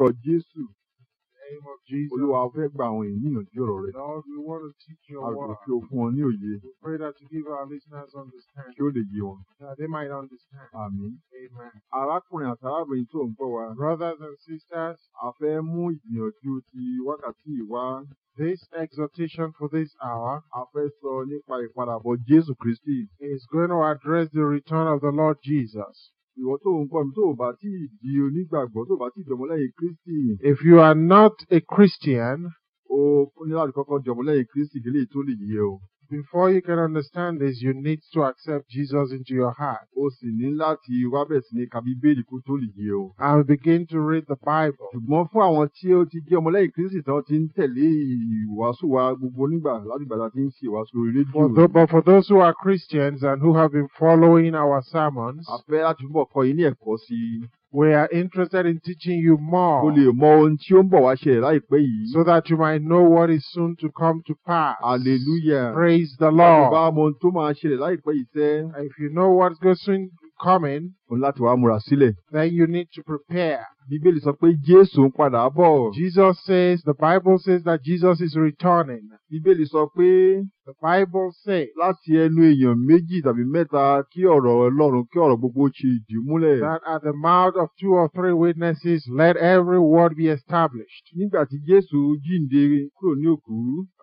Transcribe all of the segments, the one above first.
orúkọ Jésù. name of Jesus. Olúwa fẹ́ gba àwọn ọ̀rọ̀ rẹ. we your word. Àgbẹ̀ kí o fún wọn ní òye. Kí ó lè yé wọn. they might understand. Arákùnrin àti arábìnrin tó ń wa. Brothers and sisters. A fẹ́ mú ìgbìyànjú ti wákàtí ìwá. This exhortation for this hour is going to address the return of the Lord Jesus. ìwọ tó ń gbọ́ mi tó bá ti di onígbàgbọ́ tó bá ti dọ̀mọ́lẹ́yìn Kristi. If you are not a Christian. o ní láti kọ́kọ́ dọ̀mọ́lẹ́yìn Kristi délé tó lè yé o. before you can understand this, you need to accept Jesus into your heart. And begin to read the Bible. But for those who are Christians and who have been following our sermons. We are interested in teaching you more. So that you might know what is soon to come to pass. Hallelujah. Praise the Lord. tó If you know what's going soon coming. Then you need to prepare. Bíbélì sọ pé Jésù ń padà bọ̀. Jesus says the Bible says that Jesus is returning. Bíbélì sọ pé. The Bible says. Láti ẹnu èèyàn méjì tàbí mẹ́ta kí ọ̀rọ̀ Ọlọ́run kí ọ̀rọ̀ gbogbo ṣe ìdí múlẹ̀. That at the mouth of two or three witnesses let every word be established. Nígbà tí Jésù jíǹde kúrò ní òkú.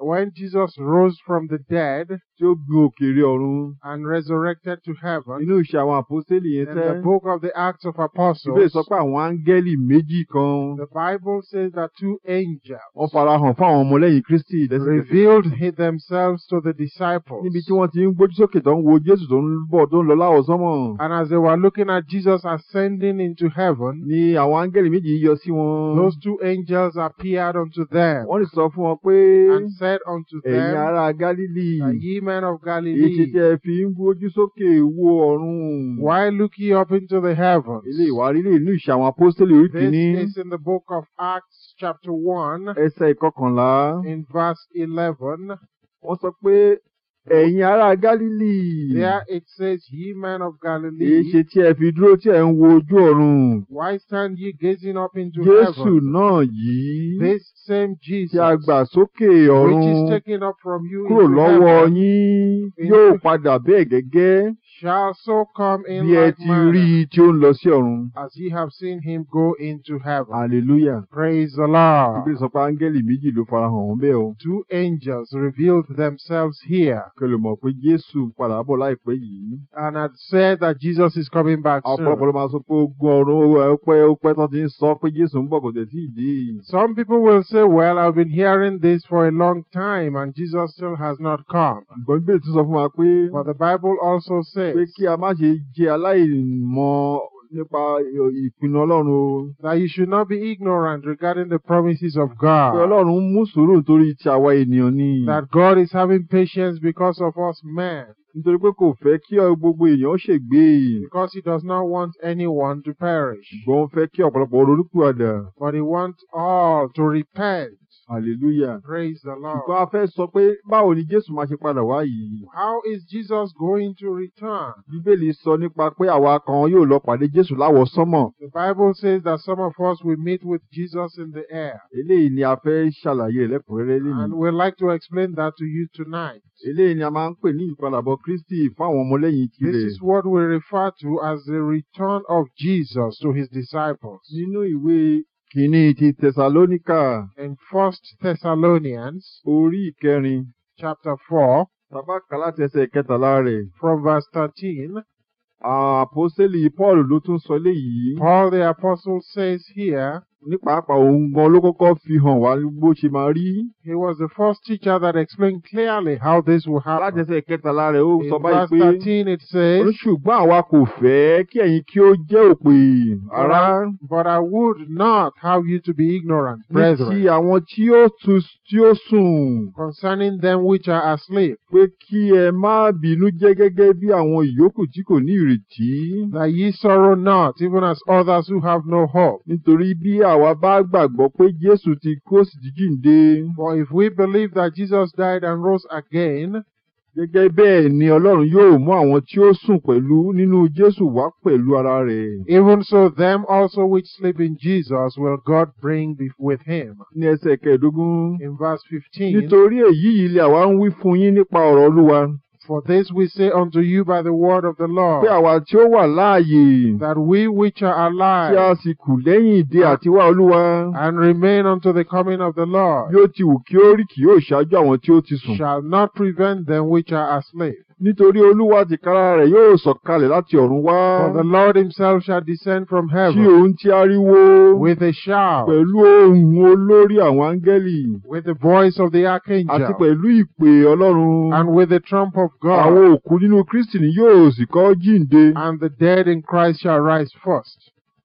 When Jesus rose from the dead. Tí ó gun òkèèrè ọ̀run. And resurrected to heaven. Inú ìṣe àwọn àpọ́sítélì yẹn tẹ́. In the book of the Acts of Apostles. Ìbéè sọ pé àwọn áńgẹ́lì méjì kan. The Bible says that two angels. Wọ́n farahàn fún àwọn ọmọlẹ́yìn Kristi. Revealed themselves to the disciples. Níbi tí wọ́n ti ń gbójú sókè tó ń wo Jésù tó ń bọ̀ tó ń lọ láwọ̀ sánmọ̀. And as they were looking at Jesus ascending into heaven. Ni àwọn áńgẹ́lì méjì yọ sí wọn. Those two angels appeared unto them. Wọ́n sọ fún wọn pé. And said unto them. Ẹ̀yin ará Galilee. ye men of Galilee. Èsì tẹ́ fi ń gbójú sókè wo ọ̀run. Why look ye up into the heavens? Ilé ìwà rí lè inú ìṣàwọn apostoli Luke This is in the book of Acts chapter one. Ẹsẹ̀ ìkọkànlá. In verse eleven. Wọ́n sọ pé ẹ̀yin ará Galilee. There it says, ye men of Galilee. Èyí tí ẹ fi dúró tí ẹ ń wo ojú ọ̀run. Why stand ye gazing up into heaven? Jésù náà yìí. This same Jesus. Tí a gbà sókè ọ̀run. Which is taken up from you into heaven. Kúrò lọ́wọ́ yín. Yóò padà bẹ́ẹ̀ gẹ́gẹ́. shall so come in like manner. As ye have seen him go into heaven. Hallelujah. Praise the Lord. Two angels revealed themselves here. And had said that Jesus is coming back soon. Some people will say, well, I've been hearing this for a long time and Jesus still has not come. But the Bible also says pé kí a má ṣe jẹ́ aláìmọ̀ nípa ìpinnu Ọlọ́run that you should not be ignorant regarding the promises of God. pé Ọlọ́run mú sùúrù torí ti àwa ènìyàn ni. that God is having patience because of us men. nítorí pé kò fẹ́ kí gbogbo èèyàn ṣègbé. because he does not want anyone to perish. ṣùgbọ́n ó fẹ́ kí ọ̀pọ̀lọpọ̀ ronúpìwàdà. but he wants all to repent. Hallelujah. Praise the Lord. Ṣùgbọ́n fẹ́ sọ pé báwo ni Jésù máa ṣe padà wá yìí? How is Jesus going to return? Bíbélì sọ nípa pé àwa kan yóò lọ pàdé Jésù láwọ̀ sánmọ̀. The Bible says that some of us will meet with Jesus in the air. Eléyìí ni a fẹ́ ṣàlàyé lẹ́kùnrẹ́rẹ́ lónìí. And we'd like to explain that to you tonight. Eléyìí ni a máa ń pè ní ìpadàbọ̀ Kristi fún àwọn ọmọlẹ́yìn tirẹ̀. This is what we refer to as the return of Jesus to his disciples. Nínú ìwé Kìíní ti Thessalonica. In First Thessalonians. Orí ìkẹrin. Chapter four. Tàbá kà láti rẹ̀. From verse thirteen. Àpọ́sẹ́lì Paul ló tún sọ léyìí. Paul the apostle says here ní òun gan ló kọ́kọ́ fi hàn wá bó ṣe máa rí. he was the first teacher that explained clearly how this would happen. alájẹsẹ̀ kẹtàlá rẹ̀ ó sọ báyìí pé in verse thirteen it says. ṣùgbọ́n àwa kò fẹ́ kí ẹ̀yin kí ó jẹ́ òpè ara. but I would not have you to be ignorant. brethren ní ti àwọn tí ó tu tí ó sùn. concerning them which are asleep. pé kí ẹ má bínú jẹ́ gẹ́gẹ́ bí àwọn ìyókù tí kò ní ìrètí. that ye sorrow not even as others who have no hope. nítorí bí àwa bá gbàgbọ́ pé Jésù ti kú ó jíǹde. For if we believe that Jesus died and rose again, gẹ́gẹ́ bẹ́ẹ̀ ni Ọlọ́run yóò mú àwọn tí ó sùn pẹ̀lú nínú Jésù wá pẹ̀lú ara rẹ̀. Even so them also which sleep in Jesus will God bring with him. Ní ẹsẹ̀ kẹẹ̀dógún. In verse fifteen. Nítorí èyí yìí lè àwa ń wí fún yín nípa ọ̀rọ̀ Olúwa. For this we say unto you by the word of the Lord. Pé àwa tí ó wà láàyè. That we which are alive. Tí a sì kù lẹ́yìn ìdè àti Olúwa. And remain unto the coming of the Lord. Bí ti wù kí ó rí kì yóò ṣáájú àwọn tí ó ti sùn. Shall not prevent them which are asleep. Nítorí Olúwa tìkára rẹ̀ yóò sọ̀kalẹ̀ láti ọ̀run wá. For the Lord himself shall descend from heaven. Tí òun ti ariwo. With a shout. Pẹ̀lú ohùn olórí àwọn áńgẹ́lì. With the voice of the archangel. Àti pẹ̀lú ìpè Ọlọ́run. And with the trump of God. Àwọn òkú nínú Kristi ni yóò sì kọ́ jíǹde. And the dead in Christ shall rise first.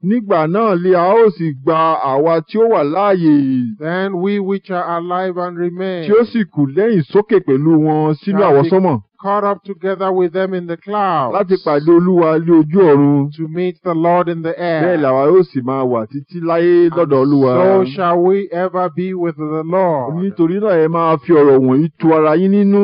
Nígbà náà lé a ó sì gba àwa tí ó wà láàyè. Then we which are alive and remain. Tí ó sì kù lẹ́yìn sókè pẹ̀lú wọn sínú àwọsánmọ̀ caught up together with them in the clouds. Láti pàdé Olúwa ní ojú ọ̀run. To meet the Lord in the air. Bẹ́ẹ̀ làwa yóò sì máa wà títí láyé lọ́dọ̀ Olúwa. so shall we ever be with the Lord. Nítorí náà ẹ máa fi ọ̀rọ̀ wọ̀nyí tu ara yín nínú.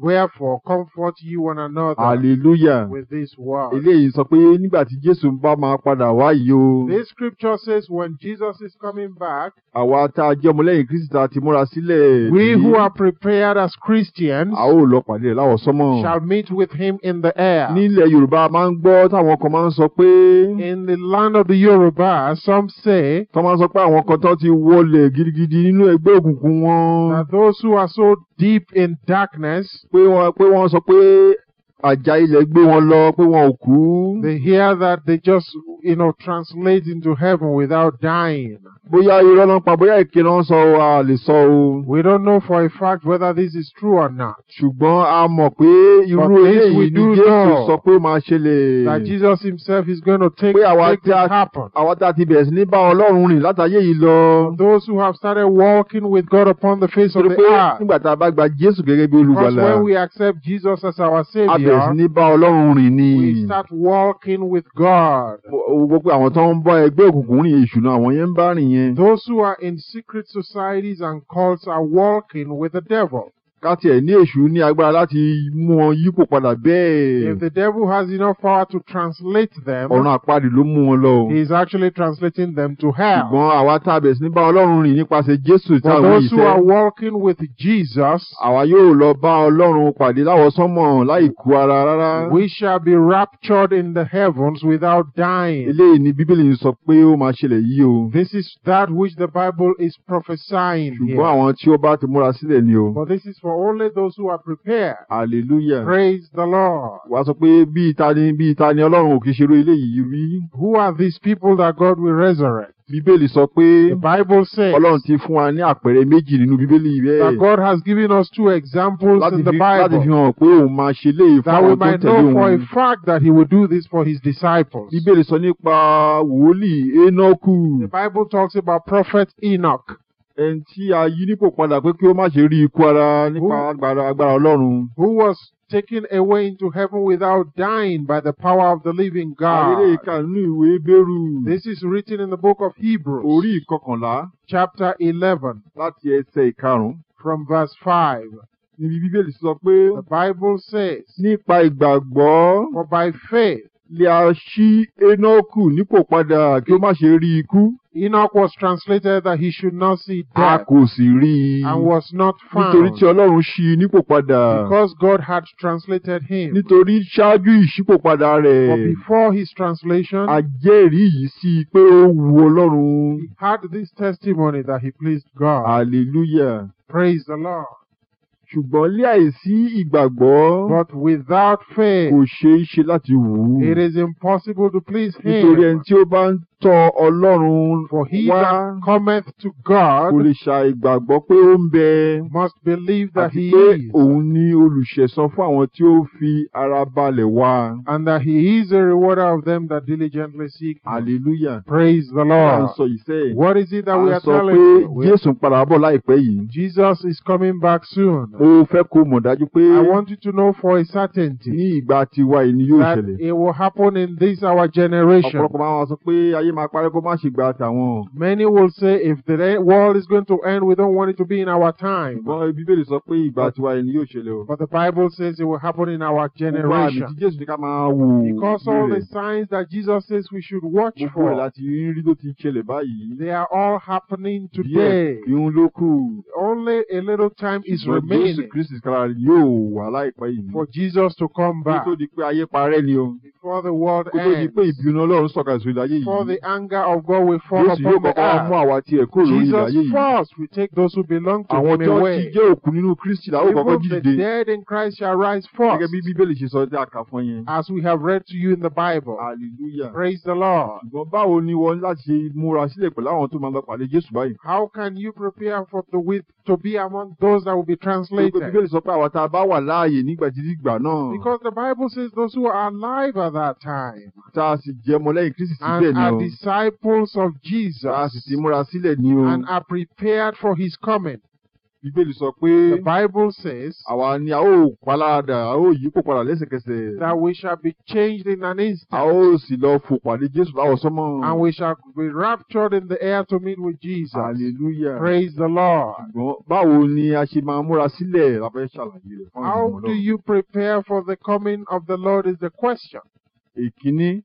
Wherefore comfort you one another. Hallelujah. With this word. Eléyìí sọ pé nígbà tí Jésù bá máa padà wá yìí o. This scripture says when Jesus is coming back. Àwa tá a jẹ́ ọmọlẹ́yìn Kristi tá a ti múra sílẹ̀. We who are prepared as Christians. A ó lọ pàdé rẹ̀ láwọ̀ sọ́mọ̀. shall meet with him in the air. nílẹ̀ Yorùbá máa ń gbọ́ táwọn kan máa ń sọ pé. in the land of the Yorùbá some say. tó máa ń sọ pé àwọn kan tó ti wọlé gidigidi nínú ẹgbẹ́ òkùnkùn wọn. na those who are so deep in darkness. pé wọ́n pé wọ́n sọ pé àjà ilẹ̀ gbé wọn lọ pé wọn ò kú. they hear that they just you know, translate into heaven without dying. Bóyá irọ́ náà pa bóyá èké náà sọ a lè sọ o. We don't know for a fact whether this is true or not. Ṣùgbọ́n a mọ̀ pé irú eléyìí ni Jésù sọ pé ó máa ṣẹlẹ̀. That Jesus himself is going to take, take this happen. Àwa tá a ti bẹ̀rẹ̀ sí ní bá Ọlọ́run rìn látàyè yìí lọ. Those who have started walking with God upon the face of the earth. Nígbà tá a bá gba Jésù gẹ́gẹ́ bí olùgbàlà. Because when we accept Jesus as our saviour. A bẹ̀rẹ̀ sí ní bá Ọlọ́run rìn ni. We start walking with God gbogbo àwọn tó ń bá ẹgbẹ́ òkùnkùn rìn ìṣúná àwọn yẹn ń bá rìn yẹn. Those who are in secret societies and cults are walking with the devil káti ẹ̀ ní èṣù ní agbára láti mú wọn yípo padà bẹ́ẹ̀. if the devil has enough power to translate them. ọ̀run àpáàdì ló mú wọn lọ. he is actually translating them to hell. ṣùgbọ́n àwa tá a bẹ̀rẹ̀ sí ní bá Ọlọ́run rìn nípasẹ̀ Jésù táwọn yìí fẹ́. for those who are working with Jesus. àwa yóò lọ bá Ọlọ́run pàdé láwọsánmọ̀ láì ara rárá. we shall be raptured in the heavens without dying. eléyìí ni Bíbélì ń sọ pé ó máa ṣẹlẹ̀ yìí o. this is that which the Bible is prophesying here. ṣùgbọ́n àwọn tí ó bá ti múra sílẹ̀ ni o. but this is for for only those who are prepared. hallelujah. praise the Lord. wàá sọ pé bí ìtani bí ìtani ọlọ́run ò kì í ṣerú eléyìí rí. who are these people that God will resurrect? Bíbélì sọ pé Ọlọ́run ti fún wa ní àpẹẹrẹ méjì nínú Bíbélì bẹ́ẹ̀. That God has given us two examples in the Bible. Láti fi hàn pé òun máa ṣe léyìí fáwọn tó tẹ̀lé òun. That we might know for a fact that he will do this for his disciples. Bíbélì sọ nípa wòlíì Énọ́kù. The Bible talks about prophet Enoch ẹni tí a yí nípò padà pé kí ó má ṣe rí ikú ara nípa agbára Ọlọ́run. Who was taken away into heaven without dying by the power of the living God. Àrèrè ìkànnì ìwé Bẹ́rù. This is written in the book of Hebrews. Orí ìkọkànlá. Chapter eleven. Láti ẹsẹ̀ ìkarùn-ún. From verse five. Níbi Bíbélì sọ pé. The Bible says. Nípa ìgbàgbọ́. For by faith. Lè a ṣí Énọ́kù nípò padà kí ó má ṣe rí ikú. Enoch was translated that he should not see death. A And was not found. Nítorí tí Ọlọ́run ṣí i nípò Because God had translated him. Nítorí ṣáájú ìṣípòpadà rẹ̀. But before his translation. A yìí sí i pé ó wu Ọlọ́run. He had this testimony that he pleased God. Hallelujah. Praise the Lord ṣùgbọ́n lé àìsí ìgbàgbọ́. but without faith. kò ṣeé ṣe láti wù it is impossible to please him. nítorí ẹni tí ó bá ń tọ̀ Ọlọ́run. for he wá, that cometh to God. kò lè ṣàì gbàgbọ́ pé ó ń bẹ. must believe that he is. àti pé òun ni olùṣẹ̀san fún àwọn tí ó fi ara balẹ̀ wá. and that he is a rewarder of them that diligently seek. hallelujah. praise the Lord. à sọ ìṣe. what is it that we are telling you. à sọ pé Jésù ń padà bọ̀ láìpẹ́ yìí. Jesus is coming back soon. Mo fẹ́ kó mọ̀ dájú pé. I want you to know for a certainty. Ní ìgbà tiwa yìí ni yóò ṣẹlẹ̀. That it will happen in this our generation. Ọ̀pọ̀lọpọ̀ máa sọ pé ayé máa parẹ́ kó má ṣe gba Many will say if the world is going to end we don't want it to be in our time. Ṣùgbọ́n Bíbélì sọ pé ìgbà tiwa yìí ni yóò ṣẹlẹ̀ o. But the Bible says it will happen in our generation. àmì Jésù ní ká máa wò. Because all the signs that Jesus says we should watch for. Gbogbo ẹ̀ láti rí ló ti ṣẹlẹ̀ báyìí. They are all happening today. Díẹ̀ kí Only a little time is remaining. Jésù is kára you wá láìpẹ́ For Jesus to come back. tó Before the world ends. Kó tó Before the anger of God will fall upon the earth. Jesus first will take those who belong to him away. Àwọn Even the dead in Christ shall rise first. As we have read to you in the Bible. Hallelujah. Praise the Lord. How can you prepare for the with to be among those that will be translated? Because the Bible says those who are alive at that time. And are disciples of Jesus. And are prepared for his coming. Bíbélì sọ pé. The Bible says. Àwa ni a ó palára a ó yí kó padà lẹ́sẹ̀kẹsẹ̀. That we shall be changed in an instant. A ó sì lọ fò pàdé Jésù láwọ̀ sọ́mọ. And we shall be raptured in the air to meet with Jesus. Hallelujah. Praise the Lord. báwo ni a ṣe máa múra sílẹ̀ lábẹ́ ṣàlàyé rẹ̀ How do you prepare for the coming of the Lord is the question. Èkíní.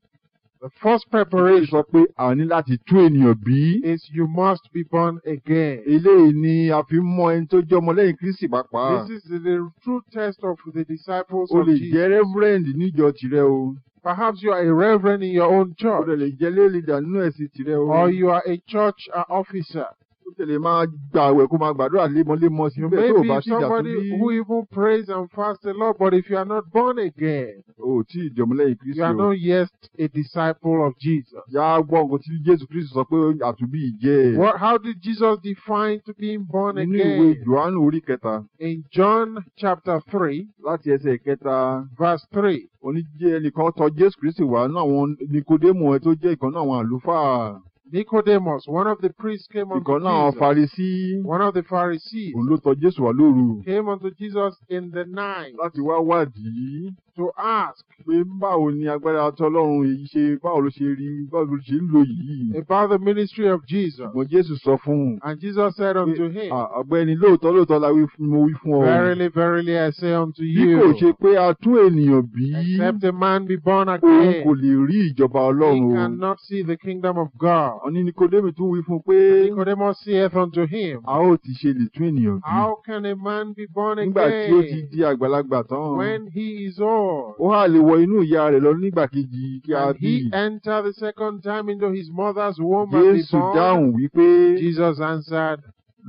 The first preparation sọ pé a ní láti tún ènìyàn bí. is you must be born again. Eléyìí ni a fi mọ ẹni tó jẹ́ ọmọlẹ́yìn Kristi pàápàá. This is the true test of the disciples of Jesus. O lè jẹ́ reverend níjọ tìrẹ o. Perhaps you are a reverend in your own church. O lè jẹ́ lé leader nínú ẹ̀sìn tìrẹ o. Or you are a church officer ó ṣe lè máa gbàwẹ̀ kó máa gbàdúrà lemọ́lemọ́ sí bẹ́ẹ̀ tó bá ṣìjà tó bí. maybe somebody who even prays and fasts the Lord but if you are not born again. o tí ìjọmọlẹ́yìn Kristi you are not yet a disciple of Jesus. yà á gbọ́ nǹkan tí Jésù Kristi sọ pé àtúbí ìjẹ́. what how did Jesus define to being born again? nínú ìwé Jòhánù orí kẹta. in John chapter three. láti ẹsẹ̀ kẹta. verse three. oníjẹ́ ẹnìkan tọ̀ Jésù Kristi wá náà àwọn Nikodemu ẹ tó jẹ́ ìkan náà àwọn àlùfáà. Nicodemus, one of the priests, came unto Jesus. náà àwọn one of the Pharisees. òun Jésù wá lóru. came unto Jesus in the night. láti wá wádìí to ask pé báwo ni agbára tọlọ́run èyí ṣe báwo ló ṣe rí báwo ló ṣe ń lò yìí. about the ministry of Jesus. ṣùgbọ́n Jésù sọ fún un. and Jesus said unto him. ọ̀gbẹ́ni lóòótọ́ lóòótọ́ la mo wí fún ọ. verily verily I say unto you. bí kò ṣe pé a tún ènìyàn bí. except a man be born again. òun kò lè rí ìjọba Ọlọ́run he cannot see the kingdom of God. ọ̀ní Nikodemi tún wí fún un pé. Nicodemus saith unto him. a ó ti ṣe lè tún ènìyàn bí. how can a man be born again. nígbà tí ó ti di àgbàlagbà tán. when he is old. Ó hà lè wọ inú ìyá rẹ̀ lọ nígbàkejì kí a bí. And he entered the second time into his mother's womb and he born. Jésù dáhùn wípé. Jesus answered.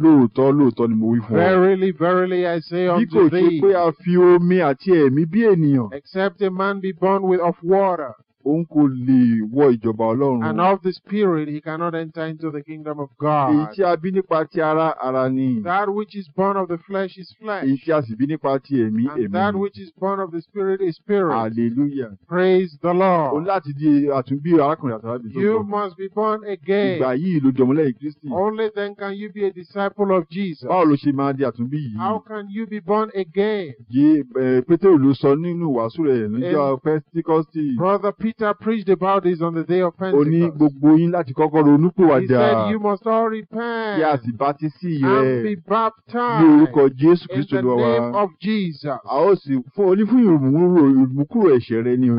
Lóòótọ́ lóòótọ́ ni mo wí fún ọ. Verily verily I say unto thee. Bí kò ṣe pé a fi omi àti ẹ̀mí bí ènìyàn. Except a man be born with of water òun kò lè wọ ìjọba Ọlọ́run. And of the spirit he cannot enter into the kingdom of God. Èyí tí a bí nípa ti ara ara ni. That which is born of the flesh is flesh. Èyí tí a sì bí nípa ti ẹ̀mí ẹ̀mí. And that which is born of the spirit is spirit. Hallelujah. Praise the Lord. O láti di àtúnbí arákùnrin àtàlábí tó sọ. You must be born again. Ìgbà yìí ló jọmọlẹ́yìn Kristi. Only then can you be a disciple of Jesus. Báwo ló ṣe máa di àtúnbí yìí? How can you be born again? Yé Pétérù ló sọ nínú wàásù rẹ̀ níjọ́ eh, Pẹ́sítíkọ́sì. Brother Peter. Peter preached about this on the day of Pentecost. ó ní gbogbo yín láti kọ́kọ́ ronúpìwàdà. He said you must all repent. kí a sì bátísì rẹ̀. and be baptized. ní orúkọ Jésù Kristu lọ wa. in the name of Jesus. a ó sì fún oní fún ìrùmúkúrò ẹ̀ṣẹ̀ rẹ ni o.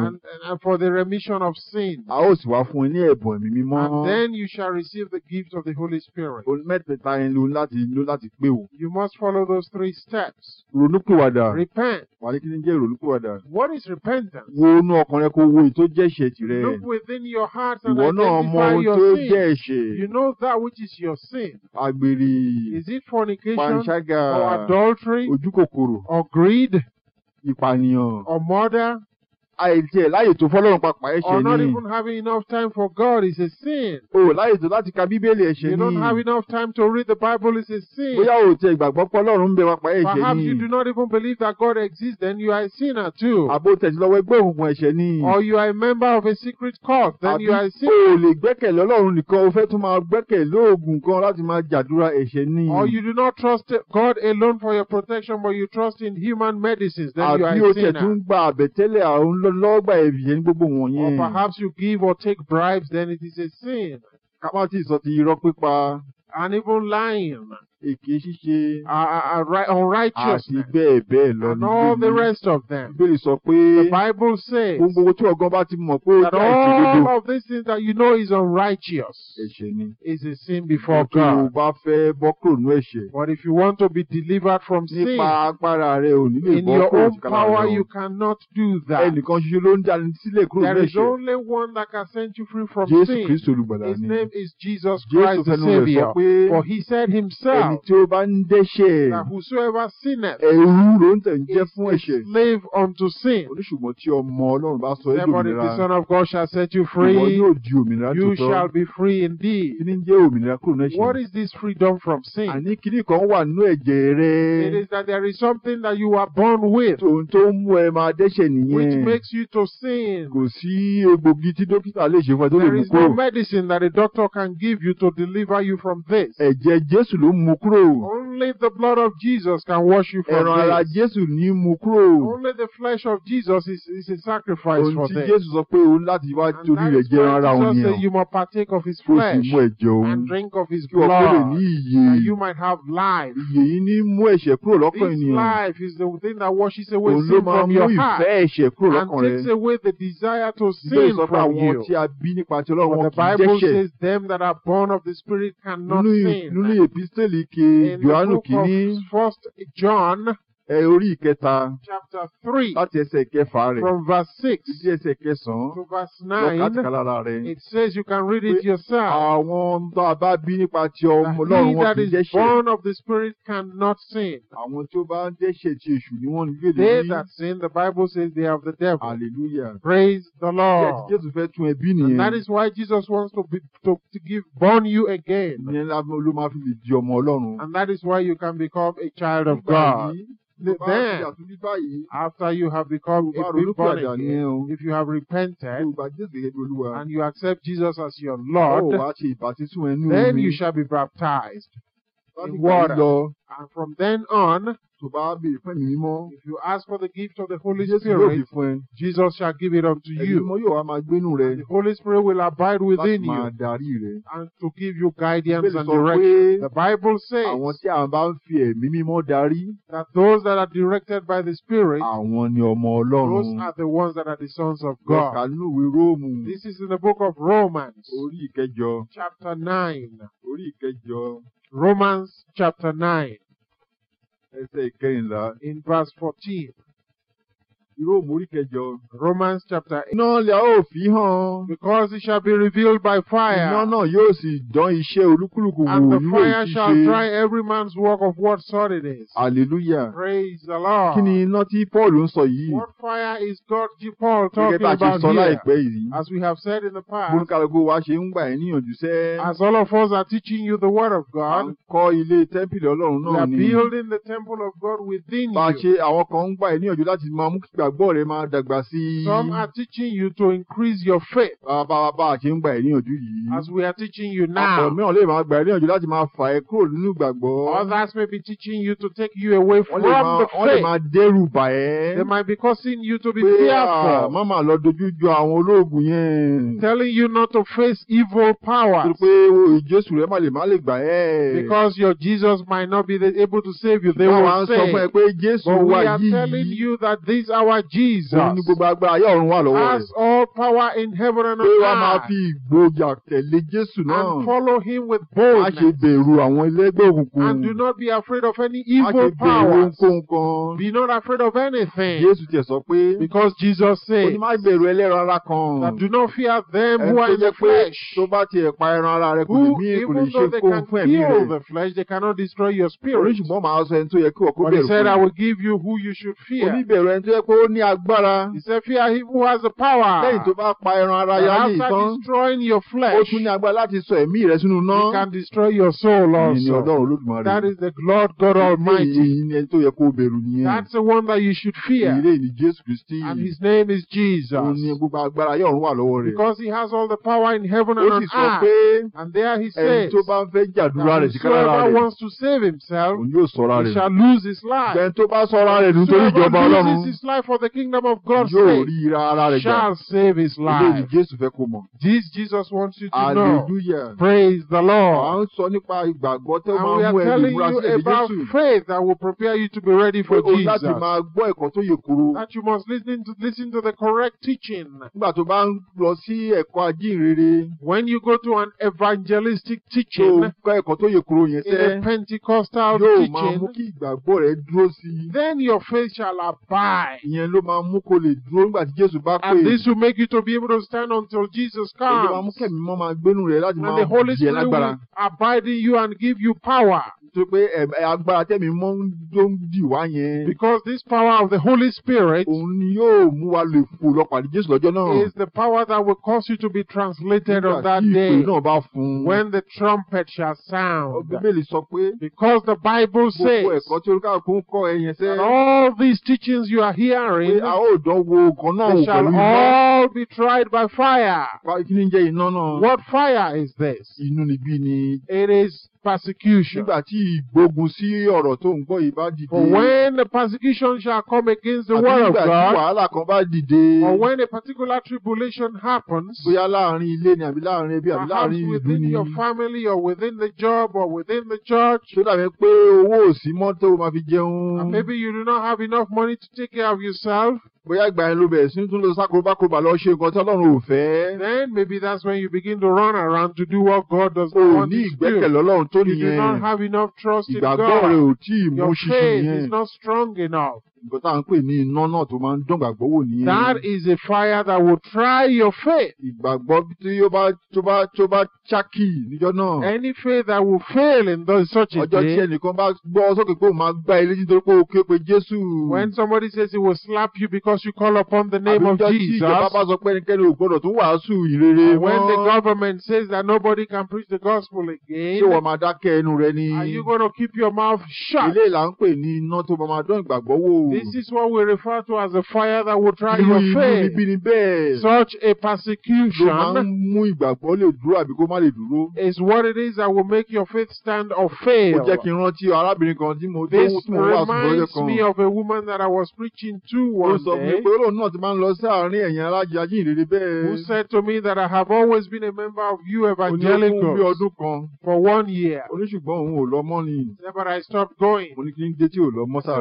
and for the remission of sin. a ó sì wá fún ẹ ní ẹ̀bùn ẹ̀mí and then you shall receive the gift of the Holy Spirit. mẹ́tẹ̀ẹ̀ta yẹn ló láti ló láti pé o. you must follow those three steps. ronúpìwàdà. repent. wàá ní kí ni jẹ́ ìrònúpìwàdà. what is repentance? wo inú ọkàn rẹ kó wo ètò jẹ́ ẹ̀ṣẹ̀ tirẹ̀. Look within your heart and identify your sin. You know that which is your sin. Àgbèrè. Is it fornication? Panṣágà. Or adultery? Ojúkòkòrò. Or greed? Ìpànìyàn. Or murder? àìtí láyè tó fọlọ́run pàpà ẹ̀ṣẹ̀ ni. or not even having enough time for God is a sin. o láyè tó láti ka bíbélì ẹ̀ṣẹ̀ ni. you don't have enough time to read the Bible is a sin. bóyá o tẹ ìgbàgbọ́ pé Ọlọ́run ń bẹ pàpà ẹ̀ṣẹ̀ ni. perhaps you do not even believe that God exists then you are a sinner too. àbò tẹ̀sílọ́wọ́ ẹgbẹ́ òkùnkùn ẹ̀ṣẹ̀ ni. or you are a member of a secret cult then you are a sinner. àbí o lè gbẹ́kẹ̀lé Ọlọ́run nìkan o fẹ́ tún máa gbẹ́kẹ̀lé oògùn kan láti máa jàdúrà ẹ̀ṣẹ̀ ni. or you do not trust God alone for your protection but you trust in human medicines then you are a sinner lọ́gbà ẹ̀yẹ ní gbogbo wọ̀nyẹn. or perhaps you give or take bribes then it is a sin. ká má tí ì sọ ti irọ́ pípa. and even lying èké ṣíṣe. unrighteousness àti bẹ́ẹ̀ bẹ́ẹ̀ lọ ní bíbélì. and all the rest of them. bíbélì sọ pé. the Bible says. gbogbo owó tí ọgán bá ti mọ̀ pé ó dá ètò that all of these things that you know is unrighteous. ẹ̀ṣẹ̀ ni. is a sin before God. tó o fẹ́ bọ́ kúrò nínú ẹ̀ṣẹ̀. but if you want to be delivered from sin. nípa agbára rẹ ò ní lè bọ́ kúrò in your own power you cannot do that. ẹnìkan ṣoṣo ló ń dání sílẹ̀ kúrò nínú ẹ̀ṣẹ̀. there is only one that can set you free from sin. Jésù Kristo olùgbàlà ni. his name is Jesus Christ the Saviour. for he said himself tí ó bá ń dẹ́ṣẹ̀. that whosoever sinneth. ẹrú ló ń tẹ̀ ń jẹ́ fún ẹ̀ṣẹ̀. is slave unto sin. oníṣùgbọ́n tí ọmọ Ọlọ́run bá sọ ẹ́ lómìnira. the son of God shall set you free. ìwọ yóò di òmìnira tuntun. you shall be free indeed. kí ni jẹ́ òmìnira kúrò náà ṣe. what is this freedom from sin? àní kíní kan wà nínú ẹ̀jẹ̀ rẹ. it is that there is something that you were born with. tòun tó ń mú ẹ máa dẹ́ṣẹ̀ nìyẹn. which makes you to sin. kò sí egbògi tí dókítà lè ṣe fún ẹ tó lè mú kúrò. there is no medicine that a doctor can give you to deliver you from this. ẹ̀jẹ̀ Jésù ló mú kúrò. Only the blood of Jesus can wash you from ẹran ara Jésù ní mú kúrò. Only the flesh of Jesus is, is a sacrifice for them. ohun tí Jésù sọ pé òun láti wá torí rẹ̀ jẹ ara òun yẹn. And that is why Jesus said you must partake of his flesh. kó o sì mú ẹ̀jẹ̀ òun. and drink of his blood. kí ọkọ rẹ̀ ní ìyè. and you might have life. ìyè yìí ní mú ẹ̀ṣẹ̀ kúrò lọ́kàn ènìyàn. this life is the thing that washes away sin from your heart. òun ló máa mú ìfẹ́ ẹ̀ṣẹ̀ kúrò lọ́kàn rẹ̀. and takes away the desire to sin from you. ìgbésọ̀ fún àwọn tí a bí nípa ti the Bible says them that are born of the Spirit cannot sin ike Johannu kìíní. in the book of first John. ìkẹta. chapter three. láti ẹsẹ̀ ìkẹfà rẹ̀. from verse 6 títí ìkẹsàn-án. to verse nine. lára rẹ̀. it says you can read it yourself. àwọn tó a bí nípa ti ọmọ wọn kì í he that is born of the spirit cannot sin. àwọn tí ó bá ń jẹ́ṣẹ̀ ba n jese ti esu ni wọ́n ń gbé lórí. they that sin the bible says they have the devil. hallelujah. praise the lord. jésù fẹ́ tún ẹbí nìyẹn. and that is why Jesus wants to be to, to give born you again. ìyẹn lè di ọmọ ọlọ́run. and that is why you can become a child of God then after you have become a believer, if you have repented and you accept Jesus as your Lord, then you shall be baptized in water. And from then on, if you ask for the gift of the holy spirit. Jesus shall give it unto you. the holy spirit will abide within you. and to give you guidance and direction. the bible says. that those that are directed by the spirit. those are the ones that are the sons of God. this is in the book of Romans. chapter nine. Romans chapter nine take in, in verse 14. Irú òmùrí Romans chapter eight. Iná lè ó fi hàn. Because it shall be revealed by fire. Iná náà yóò sì dán iṣẹ́ olúkúlùkù wò nínú ètùṣe. And the fire shall try every man's work of what sort it is. Hallelujah. Praise the Lord. Kí ni iná tí Paul ń sọ yìí? What fire is God Paul talking about here? Gẹ́gẹ́ bá a ṣe sọ láìpẹ́ yìí. As we have said in the past. Bólúkàlùkù wa ṣe ń gbà ẹ́ níyànjú sẹ́. As all of us are teaching you the word of God. À ń kọ́ ilé tẹ́ḿpìlì Ọlọ́run náà ni. We are building the temple of God within you. Bá a ṣe àwọn kan ń gbà ẹ́ níyànjú láti máa ìgbàgbọ́ rẹ máa dàgbà sí i. some are teaching you to increase your faith. bàbá bàbá ṣe ń gba ẹ̀ yìí. as we are teaching you now. ọ̀pọ̀ mìíràn lè máa gba ẹ̀ láti máa fà ẹ́ kúrò nínú ìgbàgbọ́. others may be teaching you to take you away from the faith. wọ́n lè máa dẹ́rù bà ẹ́. they might be causing you to be fearful. pé mama lọ dojú jọ àwọn olóògùn yẹn. telling you not to face evil powers. pé Jésù rẹ má lè má lè gbà ẹ́. because your Jesus might not be able to save you they will say. but we are telling you that these our over Jesus. Òun gbogbo agbára ayé ọ̀run wà lọ́wọ́ rẹ̀. Has all power in heaven and on earth. Pé wàá máa fi ìgboyà tẹ̀lé Jésù náà. And follow him with boldness. Má ṣe bẹ̀rù àwọn ẹlẹ́gbẹ́ òkùnkùn. And do not be afraid of any evil power. Má ṣe bẹ̀rù ohunkóhun Be not afraid of anything. Jésù tiẹ̀ sọ pé. Because Jesus said. Ó má bẹ̀rù ẹlẹ́ran ara kan. That do not fear them who are in the flesh. Ẹni tó bá tiẹ̀ pa ẹran ara rẹ̀ kò lè mí kò ṣe kóhun fún ẹ̀mí rẹ̀. even though they can kill the flesh they cannot destroy your spirit. Oríṣìí mọ́ màá sọ ẹni tó yẹ kí wọ́n bẹ̀rù fún. But he said I will give you who you should fear. Oníbẹ̀rù ẹni tó yẹ kó ní agbára. He said fear him has the power. Lẹ́yìn tó bá pa ẹran ara ya ní ìtàn. After destroying your flesh. Ó tún ní agbára láti sọ ẹ̀mí rẹ sínú iná. He can destroy your soul also. Ìyẹn Ọlọ́run Olódùmarè. That is the Lord God Almighty. Èyí ni ẹni tó yẹ kó bẹ̀rù nìyẹn. That's the one that you should fear. Èyí ni Jésù Kristì. And his name is Jesus. Ó ní gbogbo agbára yóò rún wà lọ́wọ́ rẹ̀. Because he has all the power in heaven and on earth. Ó sì sọ pé. And there he says. Ẹni tó bá ń fẹ́ jàdúrà rẹ̀ sí kárára rẹ̀. whoever wants to save himself. Òun yóò sọra He shall lose his life for the kingdom of God's sake shall save his life. This Jesus wants you to Hallelujah. know. Praise the Lord. And we are telling you about faith that will prepare you to be ready for Jesus. That you must listen to, listen to the correct teaching. When you go to an evangelistic teaching, in a Pentecostal teaching, then your faith shall abide yẹn ló máa mú kó lè dúró nígbà tí Jésù bá pè. and this will make you to be able to stand until Jesus comes. èyí máa mú kẹ̀mí mọ́ máa gbénu rẹ̀ láti máa yẹ lágbára. and the Holy Spirit will abide in you and give you power tó pé eh, agbára tẹ̀mí mọ́ ló ń dì wá yẹn. because this power of the Holy Spirit. òun ni yóò mú wa lè fò lọ pàdé Jésù lọ́jọ́ náà. is the power that will cause you to be translated on that day. nígbà tí ìpè náà bá fún. when the trumpet shall sound. bíbélì sọ pé. because the Bible says. gbogbo ẹ̀kọ́ tí olùkọ́ àkókò ń kọ́ ẹ̀yẹn sẹ́. and all these teachings you are hearing. pé a ó dán wo kan náà wò pẹ̀lú iná. shall all be tried by fire. kí ni jẹ́ iná náà. what fire is this? inú níbí ni. it is persecution. Nígbà tí ìgbógun sí ọ̀rọ̀ tó ń gbọ́ yìí bá dìde. But when the persecution shall come against the word of God. Àti nígbà tí wàhálà kan bá dìde. Or when a particular tribulation happens. Bóyá láàrin ilé ni àbí láàrin ẹbí àbí láàrin ìlú ni. Perhaps within your family or within the job or within the church. Ṣé dàbí pé owó ò sí mọ́tò máa fi jẹun? And maybe you do not have enough money to take care of yourself. Bóyá ìgbà yẹn ló bẹ̀rẹ̀ sí tún lọ sákòbákòbá lọ ṣe nǹkan tí Ọlọ́run ò fẹ́. Then maybe that's when you begin to run around to do what God does not want you to do. ní ìgbẹ́kẹ̀lé t You do not have enough trust in God. Your faith is not strong enough. nǹkan tá à ń pè ní iná náà tó máa ń dán ìgbàgbọ́ nìyẹn. that is a fire that will try your faith. ìgbàgbọ́ tí ó bá tó bá tó bá chákì níjọ́ náà. any faith that will fail in those such a day. ọjọ́ tí ẹnìkan bá gbọ́ sókè pé òun máa gbá ilé nítorí pé ó ké pe Jésù. when somebody says he will slap you because you call upon the name of Jesus. àbíjọ́ tí ìjọba bá sọ pé ẹnikẹ́ni ò gbọ́dọ̀ tún wàásù ìrere wọn. when the government says that nobody can preach the gospel again. ṣé wọ́n máa dákẹ́ ẹnu rẹ ni. are you gonna keep your mouth shut? ilé ìlà pè ní iná tó máa dán ìgbàgbọ́ wò. This mm. is what we refer to as a fire that will try your faith. Such a persecution is what it is that will make your faith stand or fail. This reminds me of a woman that I was preaching to one day who said to me that I have always been a member of you evangelicals for one year. But I stopped going. So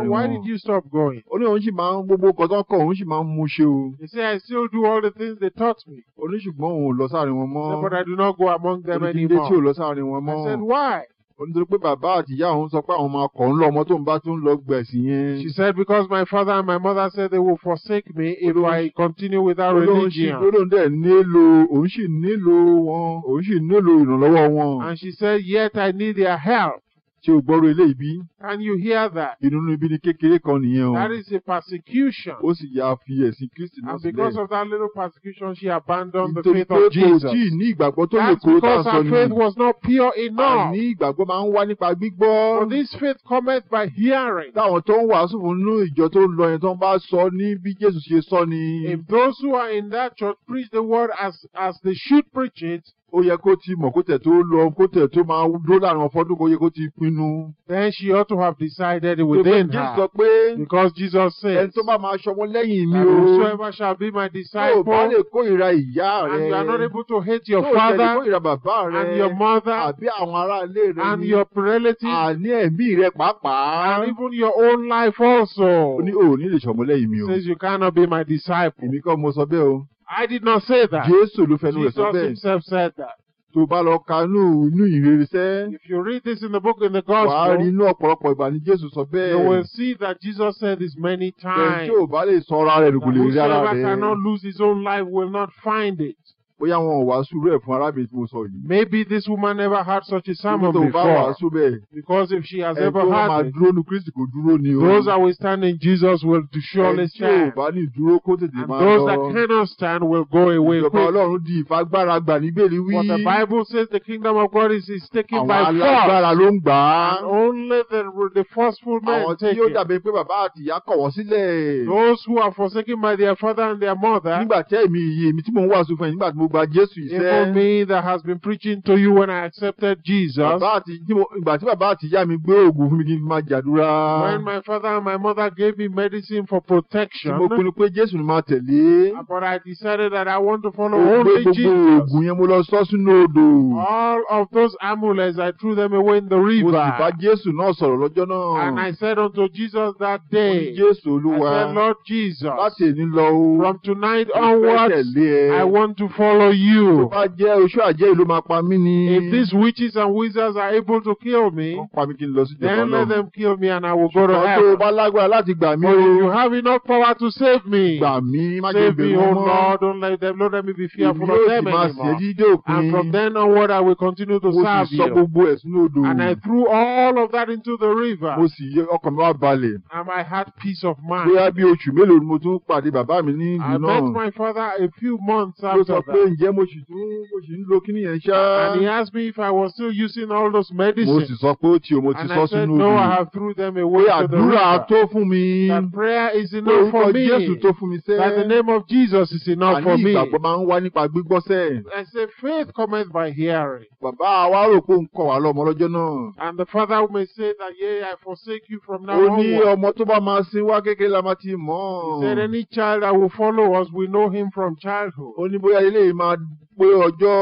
why did you stop going? akọ̀ròyìn ó sì máa ń gbogbo nǹkan tó kọ̀ òun sì máa ń mú ṣe o. he say I still do all the things they taught me. ó òun ò lọ sáàrin wọn mọ́. but I do not go among them anymore. ó tí ò lọ sáàrin wọn mọ́. I said why? onítorí pé bàbá àtìyá òun sọ pé àwọn máa kọ̀ ń lọ ọmọ tó ń bá tún lọ gbẹ̀sìn yẹn. she said because my father and my mother said they will forsake me if I continue without religion. olóhùn dẹ̀ nílò òun sì nílò wọn òun sì nílò ìrànlọ́wọ́ wọn. and she said yet I need their help ṣé o gbọ́rọ̀ eléyìí bí? Can you hear that? Inúnibíni kékeré kan nìyẹn o. That is a persecution. Ó sì yà fi ẹ̀sìn Kristi náà sílẹ̀. And because of that little persecution she abandoned the faith of Jesus. Nítorí pé kò tí ì ní ìgbàgbọ́ tó lè kó tá a sọ nìyí. That's because her faith was not pure enough. Àní ìgbàgbọ́ máa ń wá nípa gbígbọ́. For this faith cometh by hearing. Táwọn tó ń wàásù fún inú ìjọ tó ń lọ yẹn tó ń bá sọ ní bí Jésù ṣe sọ ni. If those who are in that church preach the word as as they should preach it ó yẹ kó ti mọ̀ kó tẹ̀ tó lọ kó tẹ̀ tó máa dó láàrin ọfọdún kó yẹ kó ti pinnu. Then she ought to have decided within her. Sọ pé because Jesus said. Ẹni tó bá máa ṣọwọ́ lẹ́yìn mi o. And whosoever shall be my disciple. Yóò bá lè kórìíra ìyá rẹ. And you are not able to hate your father. Yóò lè kórìíra bàbá rẹ. And your mother. Àbí àwọn ará ilé rẹ And your relatives. Àní ẹ̀mí rẹ pàápàá. And even your own life also. Ó ní òní lè ṣọmọ lẹ́yìn mi o. Says you cannot be my disciple. Èmi kọ́ mo sọ bẹ́ẹ̀ o. I did not say that. Jésù ló fẹnu rẹ̀ sọ bẹ́ẹ̀. Jesus himself said that. Tó bá lọ kanú inú ìrere If you read this in the book in the gospel. Wàá rí inú ọ̀pọ̀lọpọ̀ ìgbà Jésù sọ bẹ́ẹ̀. You will see that Jesus said this many times. Bẹ́ẹ̀ tí ò bá lè sọ ara rẹ̀ kò lè ara rẹ̀. That whosoever cannot lose his own life will not find it bóyá wọn ò wá sùúrù ẹ̀ fún arábìnrin tí mo sọ yìí. maybe this woman never had such a sermon before. tó bá wà sùúrù ẹ̀. because if she has ever had it. ẹ̀ tó máa dúró ní Kristi kò dúró ni o. those that will stand in Jesus will surely stand. ẹ̀ ò bá ní dúró kó tètè máa lọ. and those that cannot stand will go away quick. ìjọba Ọlọ́run di ìfagbára gbà nígbèrè wí. what the Bible says the kingdom of God is is taken by force. àwọn alágbára ló ń gbà á. only the the forceful men take it. àwọn tí yóò dàbí pé bàbá àti ìyá kọ̀ wọ́n sílẹ̀. those who are forsaken by their father and their mother. nígbà tí mo Jésù yìí sẹ́. Even me that has been preaching to you when I accepted Jesus. ìgbà tí bàbá àti ìyá mi gbé oògùn fún mi kí n máa jàdúrà. When my father and my mother gave me medicine for protection. mo pinnu pé Jésù ni màá tẹ̀lé. But I decided that I want to follow only Jesus. Gbogbo oògùn yẹn mo lọ sọ sínú odò. All of those amulets I threw them away in the river. Mo sì bá Jésù náà sọ̀rọ̀ lọ́jọ́ náà. And I said unto Jesus that day. Mo ní Jésù Olúwa. I said Lord Jesus. Láti èní lọ o. From tonight onwards I want to follow swallow you. Tó bá jẹ́ oṣù àjẹ́ ìlú máa pa mí ni. If these witches and wizards are able to kill me. Wọ́n pa mí kí n lọ sí ìjọba náà. Then let them kill me and I will go to hell. Ṣùgbọ́n tó o bá lágbára láti gbà mí. But if you have enough power to save me. Gbà mí, má jẹ́ bẹ̀rù wọn. Save me, O oh Lord, don't let them, don't let me be fearful of them anymore. Ìlú yóò ti máa ṣe dídé òpin. And from then onward I will continue to serve you. Mo sì sọ gbogbo ẹ̀ sínú odò. And I threw all of that into the river. Mo sì yẹ ọkàn mi wá balẹ̀. And I had peace of mind. Bóyá bí oṣù mélòó ni mo tún pàdé bàbá mi ní ìlú náà. I met my father a few months after that. Ló sọ pé ǹjẹ́ mo sì tún mo sì ń lo kíní yẹn ṣá. and he asked me if I was still using all those medicines. mo sì sọ pé ó ti o mo ti sọ sínú omi. and I said no I have threw them away to the river. àdúrà tó fún mi. that prayer is enough for me. lórúkọ Jésù tó fún mi sẹ́. that the name of Jesus is enough for me. àní ìgbàgbọ́ máa ń wá nípa gbígbọ́ sẹ́. I said, faith cometh by hearing. bàbá wa rò pé ń kọ̀ wá lọ́mọ lọ́jọ́ náà. and the father may say that yea I forsake you from now on. ó ní ọmọ tó bá máa sin wá kékeré la máa ti mọ̀. he said any child that will follow us we know him from childhood. ó ní bóyá ilé máa pé ọjọ́.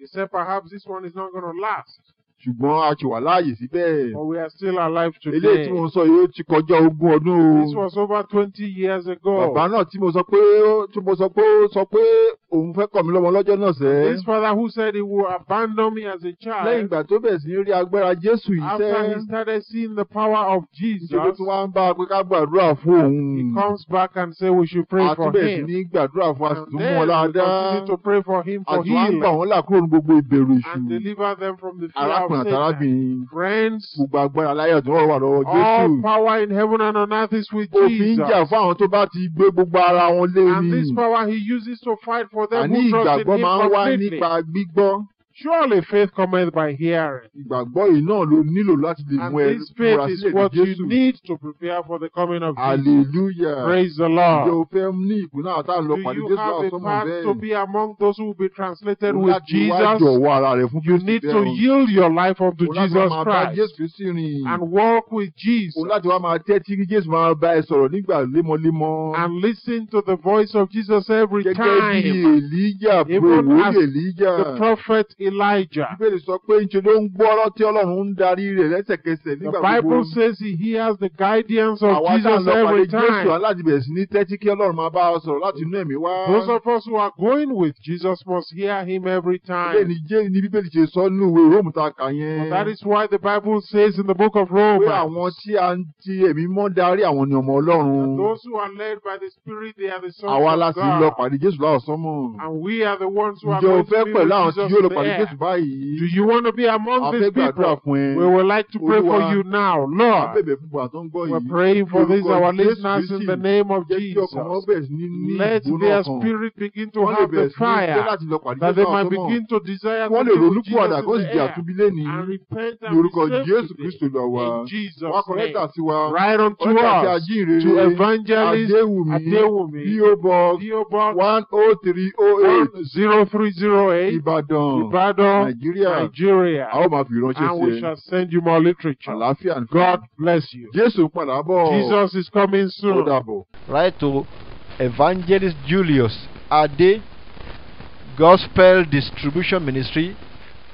he said perhaps this one is not gonna last ṣùgbọ́n a ti wà láàyè síbẹ̀. but we are still alive today. eléyìí tí mo sọ yìí ó ti kọjá ogún ọdún o. this was over twenty years ago. bàbá náà tí mo sọ pé tí mo sọ pé sọ pé òun fẹ́ kọ̀ mí lọ́mọ lọ́jọ́ náà sẹ́. his father who said he would abandon me as a child. lẹ́yìn ìgbà tó bẹ̀rẹ̀ sí ní rí agbára Jésù yìí sẹ́. after he started seeing the power of Jesus. nítorí tí wọ́n á ń bá a pé ká gbàdúrà fún òun. he comes back and say we should pray for him. àtúbẹ̀ sí ní gbàdúrà fún and then we continue to pray for him for healing. àti and deliver them from the fear arákùnrin àti arábìnrin. friends. gbogbo agbára láyé ọ̀dún ọ̀rọ̀ wà lọ́wọ́ Jésù. all power in heaven and on earth is with Jesus. òfin jà fún àwọn tó bá ti gbé gbogbo ara wọn lé ni. and this power he uses to fight for them who trust in him completely. àní ìgbàgbọ́ máa ń wá nípa gbígbọ́. Surely faith cometh by hearing. Ìgbàgbọ́ yìí náà ló nílò láti lè mú ẹ múra sílẹ̀ Jésù. And this faith is what you need to prepare for the coming of Jesus. Hallelujah. Praise the Lord. Ǹjẹ́ o fẹ́ ní ìkùnà àtà lọ pàdé Jésù àwọn ọmọ bẹ́ẹ̀? Do you have a part to be among those who will be translated with, Jesus? You need to yield your life unto Jesus Christ. And walk with Jesus. Olá ti máa tẹ́tí kí Jésù máa bá ẹ sọ̀rọ̀ nígbà lémọ́lémọ́. And listen to the voice of Jesus every time. Gẹ́gẹ́ bí Èlíjà, pé òwúrò Èlíjà. Even the prophet Elijah. Bíbélì sọ pé nítorí ó ń gbọ́rọ̀ tí Ọlọ́run ń darí rẹ̀ lẹ́sẹ̀kẹsẹ̀ nígbà gbogbo. The Bible says he hears the guidance of Jesus every time. Àwọn adáǹsọ̀ pàdé Jésù aláàdì bẹ̀rẹ̀ sí ní tẹ́tí kí Ọlọ́run máa bá ọ sọ̀rọ̀ láti inú ẹ̀mí wá. Those of us who are going with Jesus must hear him every time. Ilé ni ni Bíbélì ṣe sọ nínú ìwé Róòmù ta kà yẹn. But that is why the Bible says in the book of Romans. Pé àwọn tí a ń ti ẹ̀mí mọ́ darí àwọn ni ọmọ Ọlọ́run. Those who are led by the Spirit they are the sons of God. Àwa láti lọ And we are the ones who are going to be with Jesus there. lọ pàdé Do you want to be among these people? We would like to pray for you now, Lord. We're praying for these our listeners in the name of Jesus. Let their spirit begin to have the fire that they might begin to desire to do Jesus and repent and receive in Jesus' name. Right unto us to evangelist Adewumi, P.O. Box 10308 Ibadan. Ibadan, Nigeria. Nigeria. And we shall send you more literature. God bless you. Jesus is coming soon. Right Write to Evangelist Julius Ade, Gospel Distribution Ministry.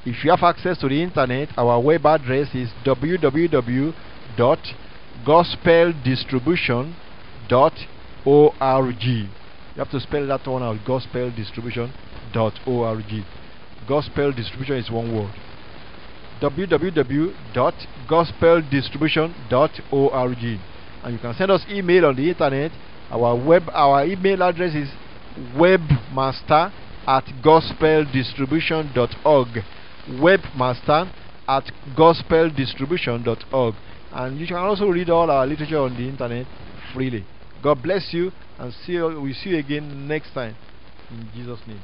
If you have access to the internet, our web address is www.gospeldistribution.org. You have to spell that one out gospeldistribution.org. Gospel Distribution is one word. www.gospeldistribution.org and you can send us email on the internet. Our web our email address is webmaster at gospeldistribution.org. Webmaster at gospeldistribution.org. And you can also read all our literature on the internet freely. God bless you and see you, we we'll see you again next time. In Jesus' name.